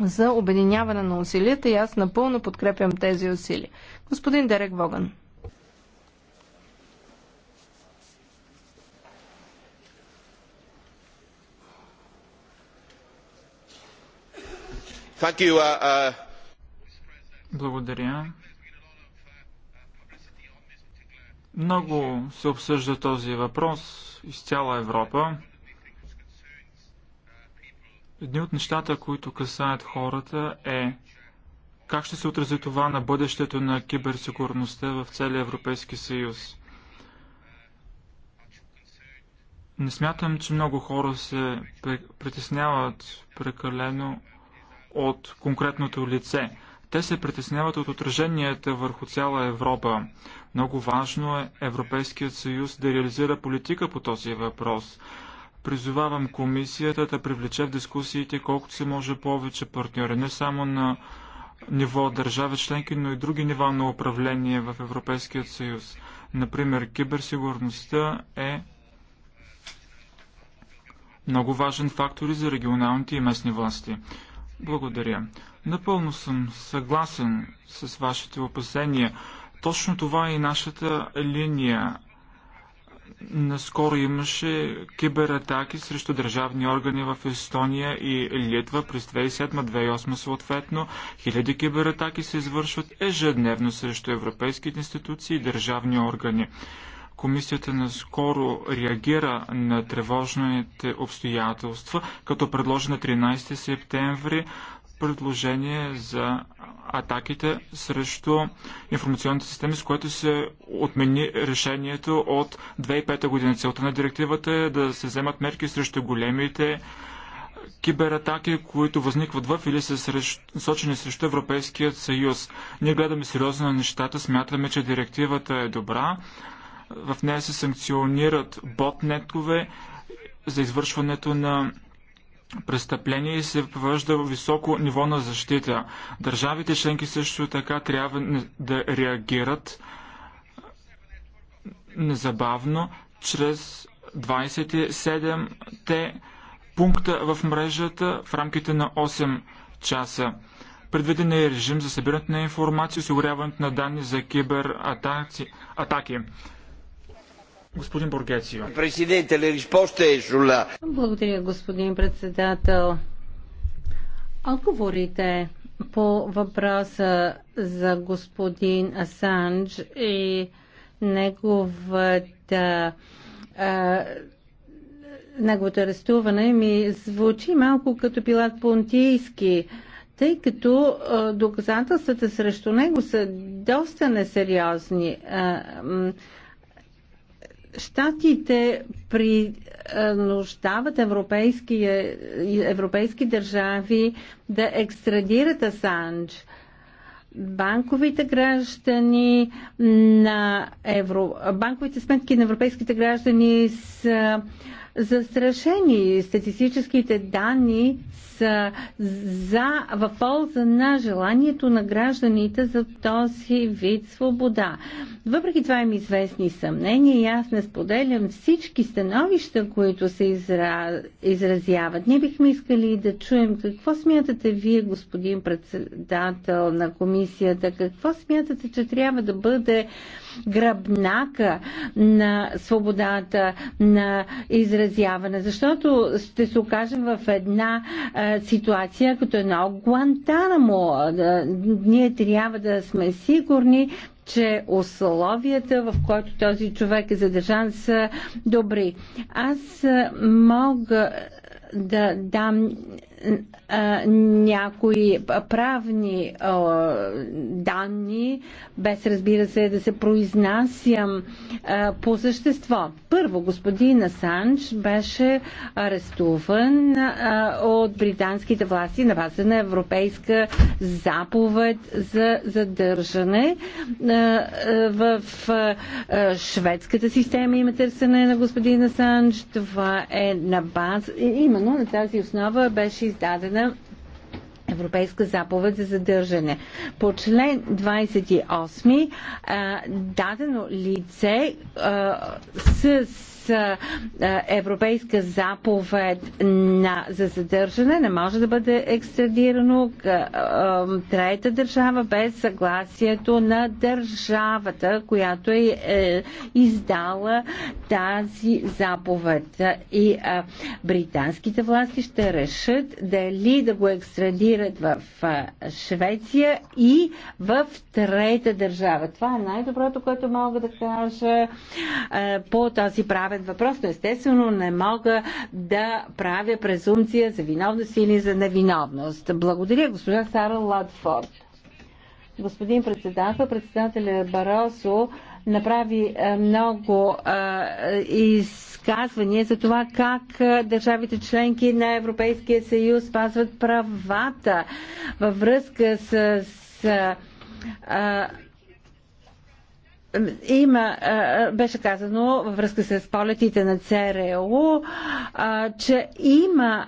Speaker 4: за обединяване на усилията и аз напълно подкрепям тези усилия. Господин Дерек Воган.
Speaker 2: Uh, uh,
Speaker 6: Благодаря. Много се обсъжда този въпрос из цяла Европа. Едни от нещата, които касаят хората е как ще се отрази това на бъдещето на киберсигурността в целия Европейски съюз. Не смятам, че много хора се притесняват прекалено от конкретното лице. Те се притесняват от отраженията върху цяла Европа. Много важно е Европейският съюз да реализира политика по този въпрос. Призовавам комисията да привлече в дискусиите колкото се може повече партньори, не само на ниво държави членки, но и други нива на управление в Европейския съюз. Например, киберсигурността е много важен фактор и за регионалните и местни власти. Благодаря. Напълно съм съгласен с вашите опасения. Точно това е и нашата линия. Наскоро имаше кибератаки срещу държавни органи в Естония и Литва през 2007-2008 съответно. Хиляди кибератаки се извършват ежедневно срещу европейските институции и държавни органи. Комисията наскоро реагира на тревожните обстоятелства, като предложи на 13 септември предложение за атаките срещу информационните системи, с което се отмени решението от 2005 година. Целта на директивата е да се вземат мерки срещу големите кибератаки, които възникват в или са срещ... сочени срещу Европейският съюз. Ние гледаме сериозно на нещата, смятаме, че директивата е добра в нея се санкционират ботнетове за извършването на престъпление и се въвежда високо ниво на защита. Държавите членки също така трябва да реагират незабавно чрез 27-те пункта в мрежата в рамките на 8 часа. Предвиден е режим за събирането на информация и осигуряването на данни за кибератаки. Господин Бургецио.
Speaker 5: Е
Speaker 3: Благодаря, господин председател. Отговорите по въпроса за господин Асанж и неговата а, неговото арестуване ми звучи малко като Пилат Понтийски, тъй като а, доказателствата срещу него са доста несериозни. А, Штатите принуждават е, европейски, е, европейски държави да екстрадират Асанж. Банковите граждани на евро... банковите сметки на европейските граждани са застрашени. Статистическите данни са за, в полза на желанието на гражданите за този вид свобода. Въпреки това им известни съмнения и аз не споделям всички становища, които се изра... изразяват. Ние бихме искали да чуем какво смятате вие, господин председател на комисията, какво смятате, че трябва да бъде гръбнака на свободата на изразяване, защото ще се окажем в една а, ситуация като едно Гуантанамо. А, ние трябва да сме сигурни, че условията, в които този човек е задържан, са добри. Аз мога да дам някои правни данни, без разбира се да се произнасям по същество. Първо, господин Асанж беше арестуван от британските власти на база на европейска заповед за задържане. В шведската система има търсене на господин Асанж. Това е на база. Именно на тази основа беше издадена Европейска заповед за задържане. По член 28 дадено лице с европейска заповед на, за задържане не може да бъде екстрадирано трета държава без съгласието на държавата, която е, е издала тази заповед. И е, британските власти ще решат дали да го екстрадират в е, Швеция и в трета държава. Това е най-доброто, което мога да кажа е, по този правен поставен въпрос, но естествено не мога да правя презумпция за виновност или за невиновност. Благодаря, госпожа Сара Ладфорд. Господин председател, председателя Баросо направи е, много е, изказвания за това как е, държавите членки на Европейския съюз спазват правата във връзка с има, беше казано във връзка с полетите на ЦРУ, че има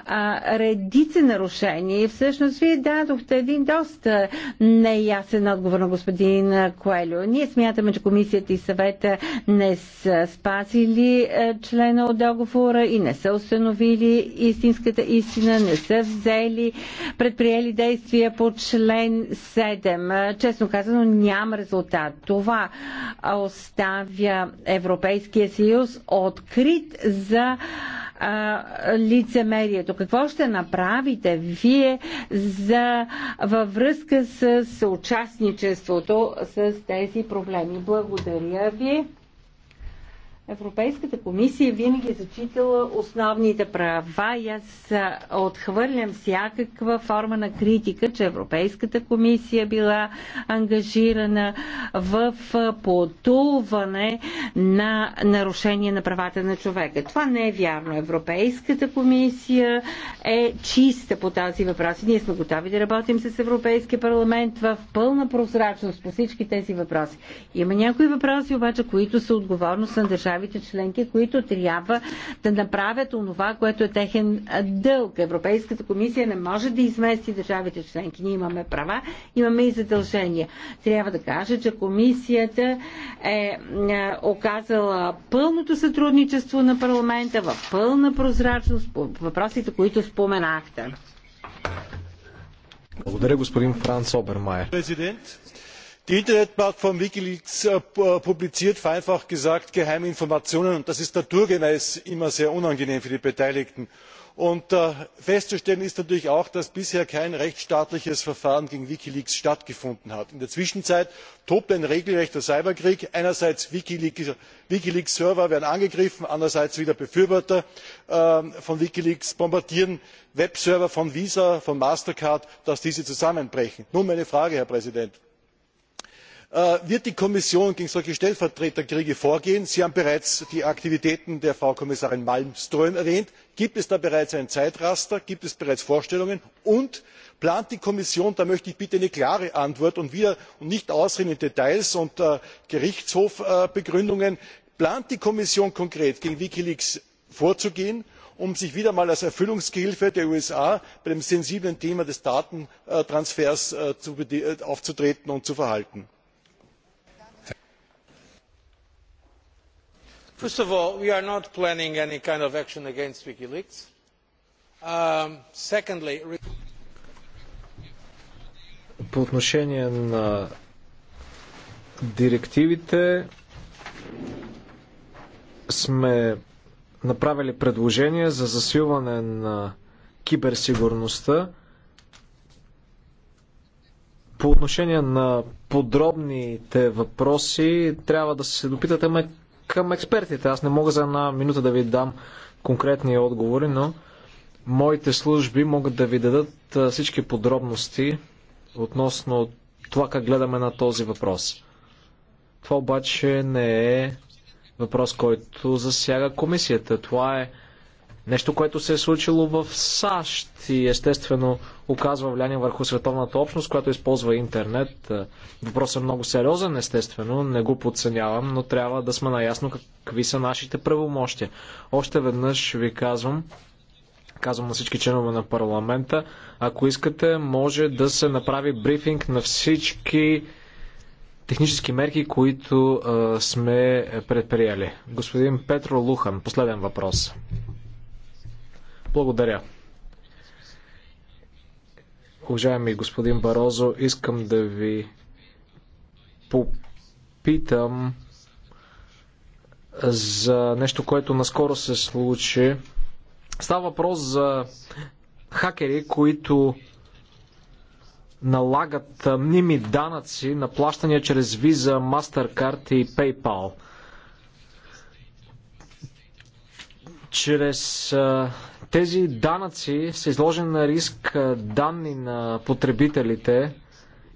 Speaker 3: редици нарушения всъщност вие дадохте един доста неясен отговор на господин Коелю. Ние смятаме, че комисията и съвета не са спазили е, члена от договора и не са установили истинската истина, не са взели, предприели действия по член 7. Е, честно казано, няма резултат. Това оставя Европейския съюз открит за лицемерието. Какво ще направите вие за, във връзка с участничеството с тези проблеми? Благодаря ви. Европейската комисия винаги е зачитала основните права и аз отхвърлям всякаква форма на критика, че Европейската комисия била ангажирана в потулване на нарушение на правата на човека. Това не е вярно. Европейската комисия е чиста по тази въпрос. И ние сме готови да работим с Европейския парламент в пълна прозрачност по всички тези въпроси. Има някои въпроси обаче, които са отговорност на държави държавите членки, които трябва да направят онова, което е техен дълг. Европейската комисия не може да измести държавите членки. Ние имаме права, имаме и задължения. Трябва да кажа, че комисията е, е оказала пълното сътрудничество на парламента в пълна прозрачност по въпросите, които споменахте.
Speaker 1: Благодаря, господин Франц Обермайер.
Speaker 2: Президент, die internetplattform wikileaks publiziert vereinfacht gesagt geheime informationen und das ist naturgemäß immer sehr unangenehm für die beteiligten. festzustellen ist natürlich auch dass bisher kein rechtsstaatliches verfahren gegen wikileaks stattgefunden hat. in der zwischenzeit tobt ein regelrechter cyberkrieg einerseits werden wikileaks server angegriffen andererseits wieder befürworter von wikileaks bombardieren webserver von visa von mastercard dass diese zusammenbrechen. nun meine frage herr präsident wird die kommission gegen solche stellvertreterkriege vorgehen? sie haben bereits die aktivitäten der frau kommissarin malmström erwähnt. gibt es da bereits ein zeitraster gibt es bereits vorstellungen? und plant die kommission da möchte ich bitte eine klare antwort und nicht ausreden in details und gerichtshofbegründungen konkret gegen wikileaks vorzugehen um sich wieder einmal als erfüllungsgehilfe der usa bei dem sensiblen thema des datentransfers aufzutreten und zu verhalten?
Speaker 3: first of all we are not planning any kind of action against wikileaks. Um, secondly
Speaker 1: по отношение на директивите сме направили предложение за засилване на киберсигурността. По отношение на подробните въпроси трябва да се допитате ме към експертите. Аз не мога за една минута да ви дам конкретни отговори, но моите служби могат да ви дадат всички подробности относно това как гледаме на този въпрос. Това обаче не е въпрос, който засяга комисията. Това е Нещо, което се е случило в САЩ и естествено оказва влияние върху световната общност, която използва интернет. Е, въпросът е много сериозен, естествено, не го подценявам, но трябва да сме наясно какви са нашите правомощия. Още веднъж ви казвам, казвам на всички членове на парламента, ако искате, може да се направи брифинг на всички технически мерки, които а, е, сме предприели. Господин Петро Лухан, последен въпрос. Благодаря. Уважаеми господин Барозо, искам да ви попитам за нещо, което наскоро се случи. Става въпрос за хакери, които налагат мними данъци на плащания чрез Visa, MasterCard и PayPal – чрез тези данъци са изложени на риск данни на потребителите.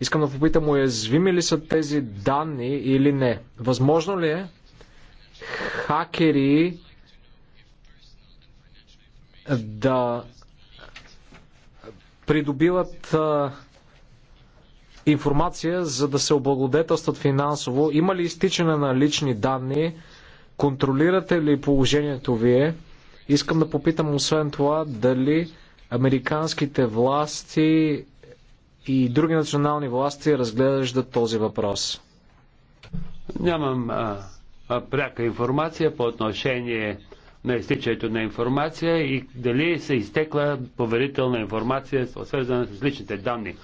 Speaker 1: Искам да попитам, уязвими ли са тези данни или не? Възможно ли е хакери да придобиват информация, за да се облагодетелстват финансово? Има ли изтичане на лични данни? Контролирате ли положението вие? Искам да попитам освен това дали американските власти и други национални власти разглеждат този въпрос.
Speaker 5: Нямам а, а, пряка информация по отношение на изтичането на информация и дали се изтекла поверителна информация, свързана с личните данни.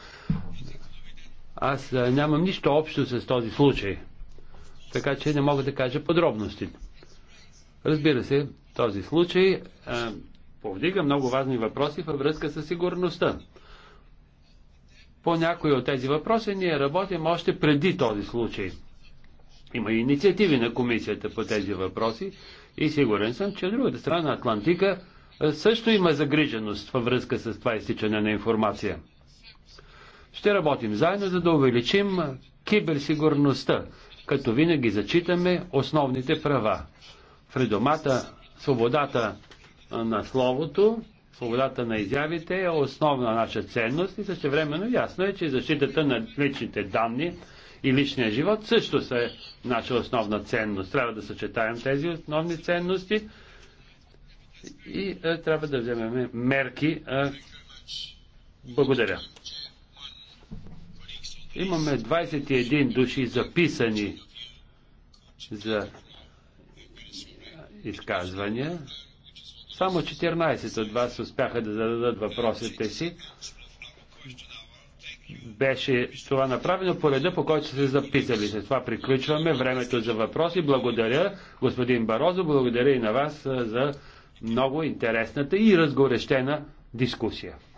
Speaker 5: Аз а, нямам нищо общо с този случай така че не мога да кажа подробности. Разбира се, този случай а, е, повдига много важни въпроси във връзка с сигурността. По някои от тези въпроси ние работим още преди този случай. Има инициативи на комисията по тези въпроси и сигурен съм, че другата страна на Атлантика е, също има загриженост във връзка с това изтичане на информация. Ще работим заедно, за да увеличим киберсигурността, като винаги зачитаме основните права. В редомата свободата на словото, свободата на изявите е основна наша ценност и същевременно ясно е, че защитата на личните данни и личния живот също са наша основна ценност. Трябва да съчетаем тези основни ценности и е, трябва да вземем мерки. Е, благодаря. Имаме 21 души записани за изказвания. Само 14 от вас успяха да зададат въпросите си. Беше това направено по реда, по който се записали. С това приключваме времето за въпроси. Благодаря, господин Барозо, благодаря и на вас за много интересната и разгорещена дискусия.